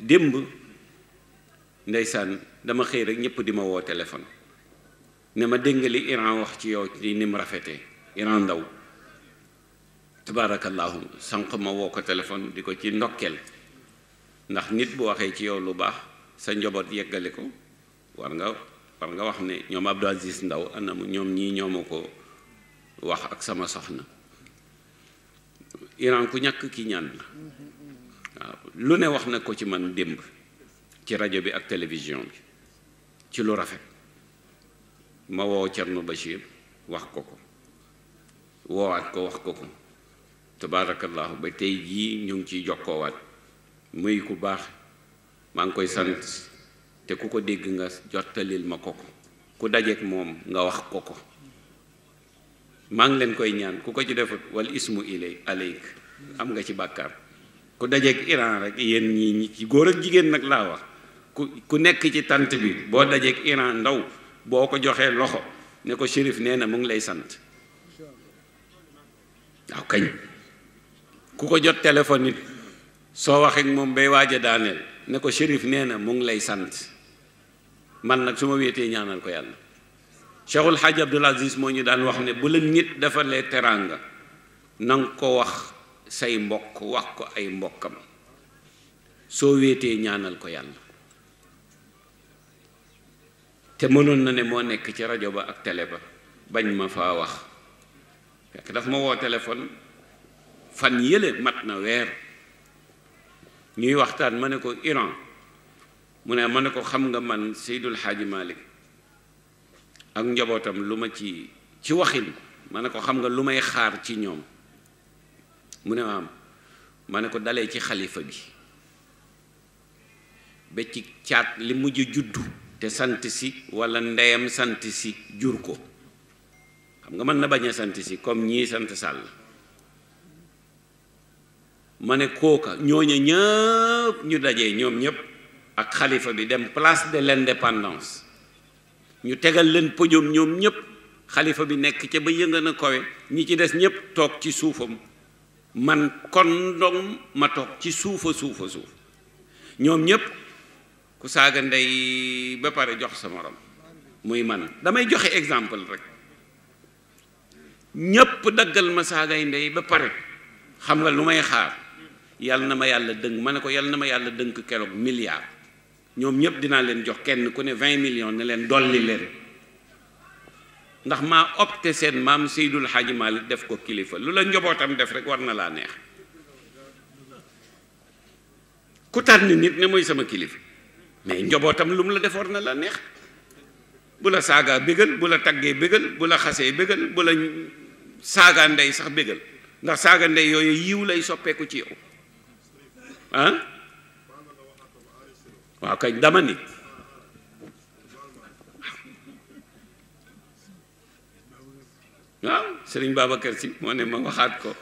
démb ndeysaan dama xëy rek ñépp di ma woo téléphone ne ma déngali nga Iran wax ci yow ci ni mu rafetee Iran ndaw tabaarakallaahu sànq ma woo ko téléphone di ko ci ndokkeel ndax nit bu waxee ci yow lu baax sa njaboot yeggale ko war nga war nga wax ne ñoom Abdou Aziz Ndaw ana mu ñoom ñii ñooma ko wax ak sama soxna Iran ku ñàkk ki ñaan la lu ne wax na ko ci man démb ci rajo bi ak télévision bi ci lu rafet ma woo Thierno Bachir wax ko ko woowaat ko wax ko ko tabaarakallaahu ba tey jii ñu ngi ciy jokkoowaat muy ku baax maa ngi koy sant te ku ko dégg nga jottalil ma ko ko ku dajeek moom nga wax ko ko maa ngi leen koy ñaan ku ko ci defut wal ismu ilay aleyk am nga ci bàkkaar ku dajeek Iran rek yéen ñi ñi ci góor ak jigéen nag laa wax ku ku nekk ci tant bi boo dajeeg Iran ndaw boo ko joxee loxo ne ko shérif nee na mu ngi lay sant kañ ku ko jot téléphone it soo waxee moom bay waaj a daaneel ne ko shérif nee na mu ngi lay sant man nag su ma wéetee ñaanal ko yàlla Cheikhul Hadj Abdoul Aziz moo ñu daan wax ne bu la nit defalee teraanga na ko wax say mbokk wax ko ay mbokkam soo wéetee ñaanal ko yàlla te mënoon na ne moo nekk ci rajo ba ak télé ba bañ ma faa wax fekk daf ma woo téléphone fan yële mat na weer ñuy waxtaan ma ne ko Iran mu ne ma ne ko xam nga man Seydul Xaaji Malik ak njabootam lu ma ci ci waxin ma ne ko xam nga lu may xaar ci ñoom mu ne maam ma ne ko dalee ci xalifa bi ba ci caat li mujj juddu te sant si walla ndeyam sant si jur ko xam nga mën na bañ a sant si comme ñii sant sàll ma ne kooka ñooña ñëpp ñu dajee ñoom ñëpp ak xalifa bi dem place de l'indépendance ñu tegal leen podium ñoom ñëpp xalifa bi nekk ca ba yënga na kowe ñi ci des ñëpp toog ci suufam man kon ndong ma toog ci suufa suufa suuf ñoom ñépp ku saaga ndey ba pare jox sa morom muy man damay joxe exemple rek ñépp daggal ma saagay ndey ba pare xam nga lu may xaar yàlla na ma yàlla dënk ma ne ko yàlla na ma yàlla dënk keroog milliard ñoom ñépp dinaa leen jox kenn ku ne vingt million ne leen dolli leen ndax maa opté seen maam Seydul Xaaji Maalik def ko kilifa lu la njobootam def rek war na laa neex ku tànn nit ne mooy sama kilifa mais njobootam lu mu la def war na laa neex bu la saagaa bégal bu la taggee bégal xasee bégal bu la saagaa ndey sax bégal ndax saaga ndey yooyu yiw lay soppeeku ci yow ah waaw kay dama ni waaw ah, sëriñ Babacar si moo ne ma waxaat ko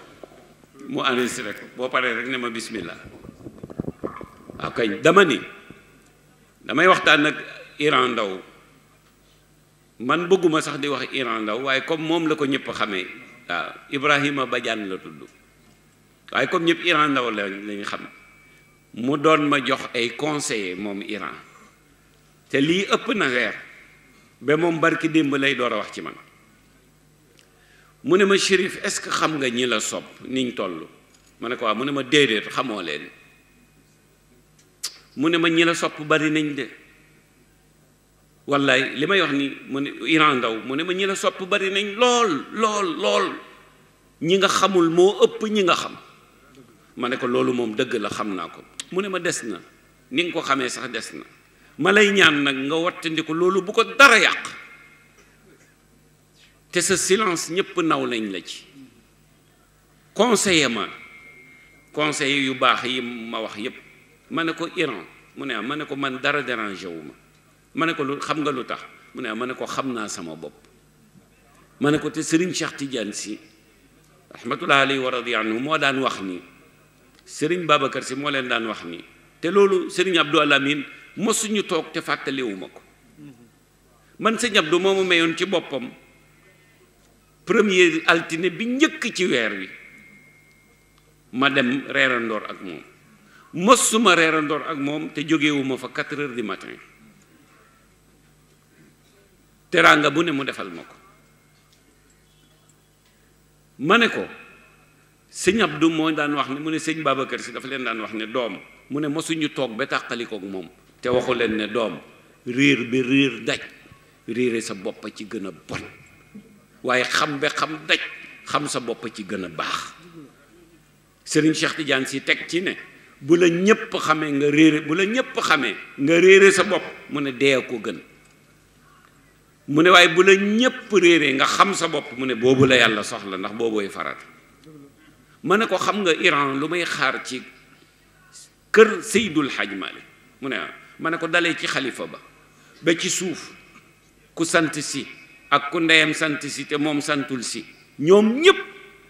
mu enregistré rek boo paree rek ne ma bismillah waaw ah, kañ dama ni damay waxtaan nag Iran Ndao man bëgguma sax di wax Iran Ndao waaye comme moom la ko ñëpp xamee waaw Ibrahima Badiane la tudd waaye comme ñëpp Iran Ndao la lañ xam mu doon ma jox ay conseiller moom Iran te lii ëpp na weer ba moom barki démb lay door a wax ci man mu ne ma shérif est-ce que xam nga ñi la sopp niñ toll ma ne ko waaw mu ne ma déedéet xamoo leen mu ne ma ñi la sopp bari nañ de wallaay li may wax ni mu ne Iran Ndaw mu ne ma ñi la sopp bari nañ lool lool lool ñi nga xamul moo ëpp ñi nga xam ma ne ko loolu moom dëgg la xam naa ko mu ne ma des na ni nga ko xamee sax des na ma lay ñaan nag nga wattandiku loolu bu ko dara yàq te sa silence ñépp naw nañ la ci conseiller ma conseil yu baax yi ma wax yépp ma ne ko Iran mu ne ah ma ne ko man dara dérangé wu ma ma ne ko lu xam nga lu tax mu ne ah ma ne ko xam naa sama bopp ma ne ko te Serigne Cheikh Tidiane si rahmatullah alayhi wa radiya anhu moo daan wax ni Serigne Babacar si moo leen daan wax ni te loolu Serigne Abdou Alamine mosuñu toog te fàttaliwu ma ko man sëñ Abdou moomu mayoon ci boppam premier altine bi njëkk ci weer wi ma dem reerandoor ak moom mësuma reerandoor ak moom te jógewuma fa quatre heures du matin teraanga bu ne mu defal ma ko ma ne ko sëñ Abdou moo daan wax ne mu ne sëñ Babacar si dafa leen daan wax ne doom mu ne mosuñu toog ba tàqalikook moom te waxu leen ne doom riir bi riir daj riire sa bopp ci gën a bon waaye xam be xam daj xam sa bopp ci gën a baax Serigne Cheikh Tidiane si teg ci ne bu la ñëpp xamee nga réer bu la ñëpp xamee nga réere sa bopp mu ne dee ko gën mu ne waaye bu la ñëpp réeree nga xam sa bopp mu ne boobu la yàlla soxla ndax boobooy farat ma ne ko xam nga Iran lu may xaar ci kër Seydul Hadj Malick mu ne ma ne ko dalee ci xalifa ba ba ci suuf ku sant si ak ku ndeyam sant si te moom santul si ñoom ñëpp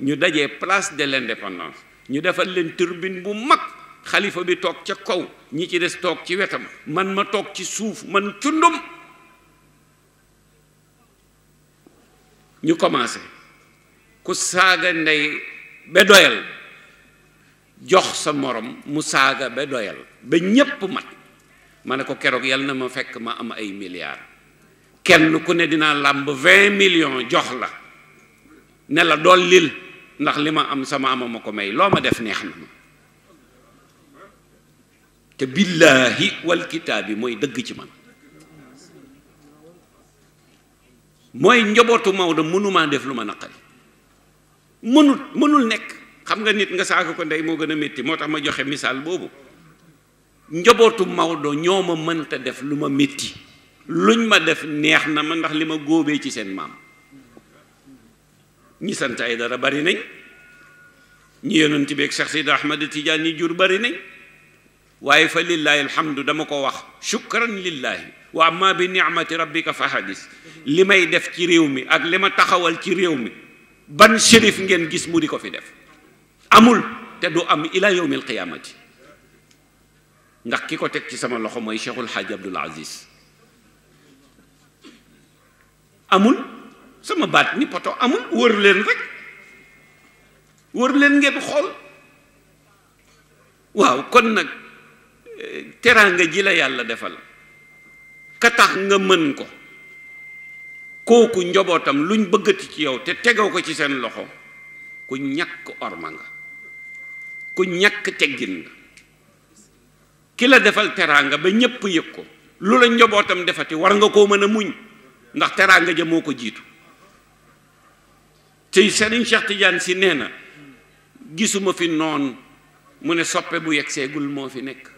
ñu dajee place de l'indépendance ñu defal leen turbine bu mag xalifa bi toog ca kaw ñi ci des toog ci wetam man ma toog ci suuf man cundum ñu commencé ku saaga ndey ba doyal jox sa morom mu saaga ba doyal ba ñépp mat ma ne ko keroog yal na ma fekk ma am ay milliards kenn ku ne dinaa làmb vingt million jox la ne la dool lil ndax li ma am sama ama ma ko may loo ma def neex na ma te billaahi wal kitaab bi mooy dëgg ci man mooy njobootu Maodo mënumaa def lu ma naqari mënut mënul nekk xam nga nit nga saaga ko ndey moo gën a metti moo tax ma joxe misaal boobu njobootu Maodo ñoo ma mënta def lu ma métti luñ ma def neex na ma ndax li ma góobee ci seen maam ñi sant ay dara bari nañ ñi yonent bi ak Cheikh Sidi Ahmad Tijaan ñi jur bari nañ waaye fa lillahi alhamdu dama ko wax shukran lillahi wa amma bi ni'mati rabbika fa hadis li may def ci réew mi ak li ma taxawal ci réew mi ban shérif ngeen gis mu di ko fi def amul te du am ila yawmil qiyaamati ndax ki ko teg ci sama loxo mooy Cheikhul Hadj Abdoul Aziz amul sama baat ni poto amul wër leen rek wër leen ngeen xool waaw kon nag eh, teraanga ji la yàlla defal ka tax nga mën ko kooku njobootam luñ bëggati ci yow te tegoo ko ci seen loxo ku ñàkk orma nga ku ñàkk teggin nga ki la defal teraanga ba ñépp yëg ko lu la njobootam defati war nga koo mën a muñ ndax teraanga ja moo ko jiitu tey Serigne Cheikh Tidiane si nee na gisuma fi noon mu ne soppe bu yegg moo fi nekk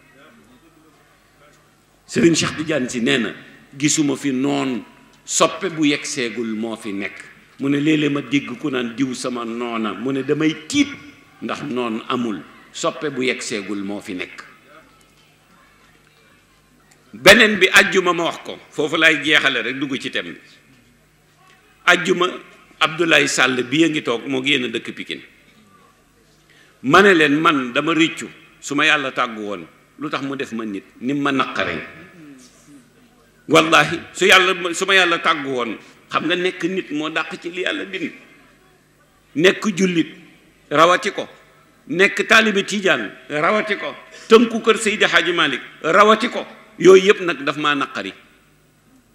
Serigne Cheikh Tidiane si nee na gisuma fi noon soppe bu yegg seegul moo fi nekk mu ne léeg-léeg ma dégg ku naan diw sama noona mu ne damay tiit ndax noon amul soppe bu yegg moo fi nekk beneen bi ajjuma ma wax ko foofu lay geexale rek dugg ci tem bi ajjuma Abdoulaye sàll bi a ngi toog moo génn dëkk pikin ma ne leen man dama rëccu su ma yàlla tàggu woon lu tax mu def ma nit ni ma naqare wallahi su yàlla su yàlla tàggu woon xam nga nekk nit moo dàq ci li yàlla bind nekk jullit rawati ko nekk taalibe tijaan rawati ko tënku kër Seydi Hadji rawati ko yooyu yëpp nag daf ma naqari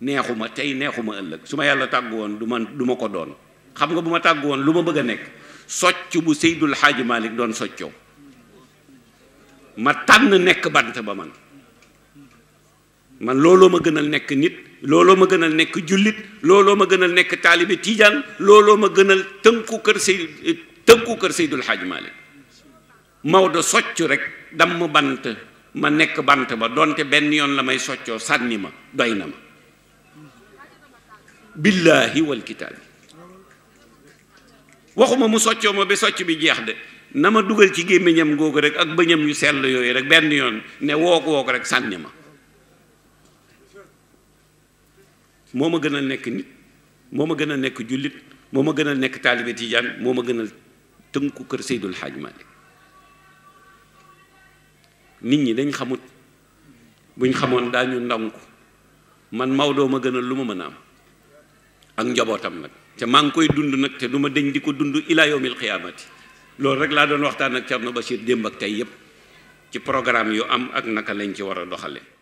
neexuma tey neexuma ëllëg su ma yàlla tàggu woon du ma du ma ko doon xam nga bu ma tàggu woon lu ma bëgg a nekk socc bu Seydul Xaaji Malik doon soccoo ma tànn nekk bant ba man man looloo ma gënal nekk nit looloo ma gënal nekk jullit looloo ma gënal nekk taalibe tiijaan looloo ma gënal tënku kër sey tënku kër Seydul Xaaji Malik Maodo socc rek damm bant ma nekk bant ba donte benn yoon la may soccoo sànni ma doy na ma billaahi wal kitaabi waxuma mu soccoo ma ba socc bi jeex de na ma dugal ci gémmiñam googu rek ak bëñam yu sell yooyu rek benn yoon ne wook wook rek sànni ma moo ma gën a nekk nit moo ma gën a nekk jullit moo ma gën a nekk taalibe tijaan moo ma gën a tënku kër Seydul Xaaj Maalik nit ñi dañ xamut buñ xamoon daañu ndànku man Maodo ma gënal lu ma mën a am ak njabootam nag te maa ngi koy dund nag te du ma deñ di ko dund ila yawmil xiyaamati loolu rek laa doon waxtaan ak Thierno Bachir démb ak tey yépp ci programme yu am ak naka lañ ci war a doxale